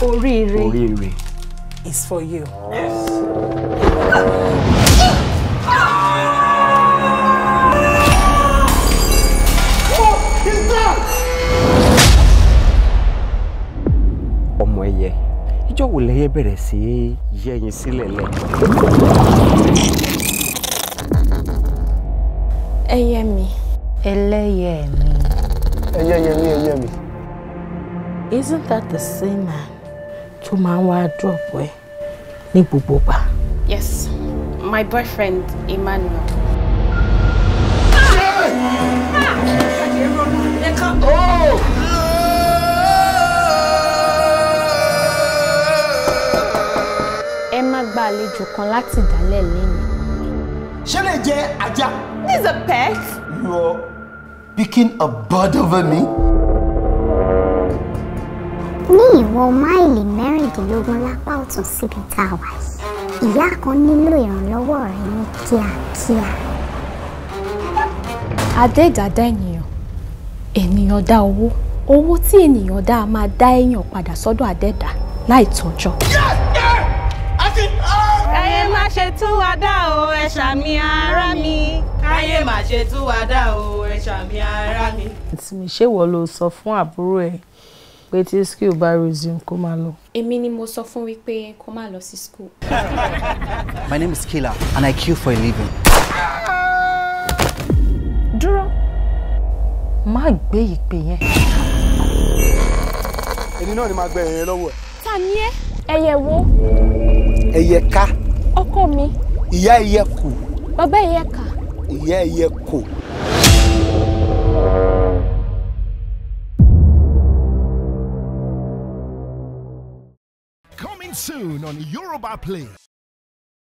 oríire oríire is for you. Yes. ọmọ ẹyẹ ìjọ wo lẹyẹ bẹ̀rẹ̀ sí í yẹyin sílẹ̀ lẹ. ẹyẹ mi ẹlẹ́yẹ mi. ẹyẹ yẹ mi ẹyẹ mi. Isn't that the same man? tó máa ń wá drop ẹ ní gbogbo gbà. yes my boyfriend Emmanuel. Oh! ẹ má gba àlejò kan láti dálẹ̀ lẹ́yìn. ṣé lè jẹ ajá. this a pet. you are picking a bird over me ìwọ̀n máìlì mẹ́rìndínlógún lápá ọ̀tún síbi tá a wà yìí ìyá kan nílò ìrànlọ́wọ́ rẹ ní kíákíá. adé ìdádá ènìyàn ènìyàn dá owó owó tí ènìyàn dá a máa dá èèyàn padà sọ́dọ̀ adẹ́dà láì tọ́jọ́. káyé má ṣe tú wa dá o ẹ ṣàmì ara mi. káyé má ṣe tú wa dá o ẹ ṣàmì ara mi. ìtìmíṣèwọ ló sọ fún àbúrò ẹ pé tí skill bá resume kó máa lọ. èmi ni mo sọ fún wípé kó máa lọ sí school. my name is Kila and I kill for a living. dúró má gbé ìpè yẹn. èmi náà ni màá gbẹ ẹ̀yẹ lọ́wọ́ ẹ̀. ta ni ẹ ẹyẹ wo. ẹyẹ ká. ọkọ mi. ìyá ẹyẹ kù. bàbá ẹyẹ ká. ìyá ẹyẹ kù. soon on Europa Play.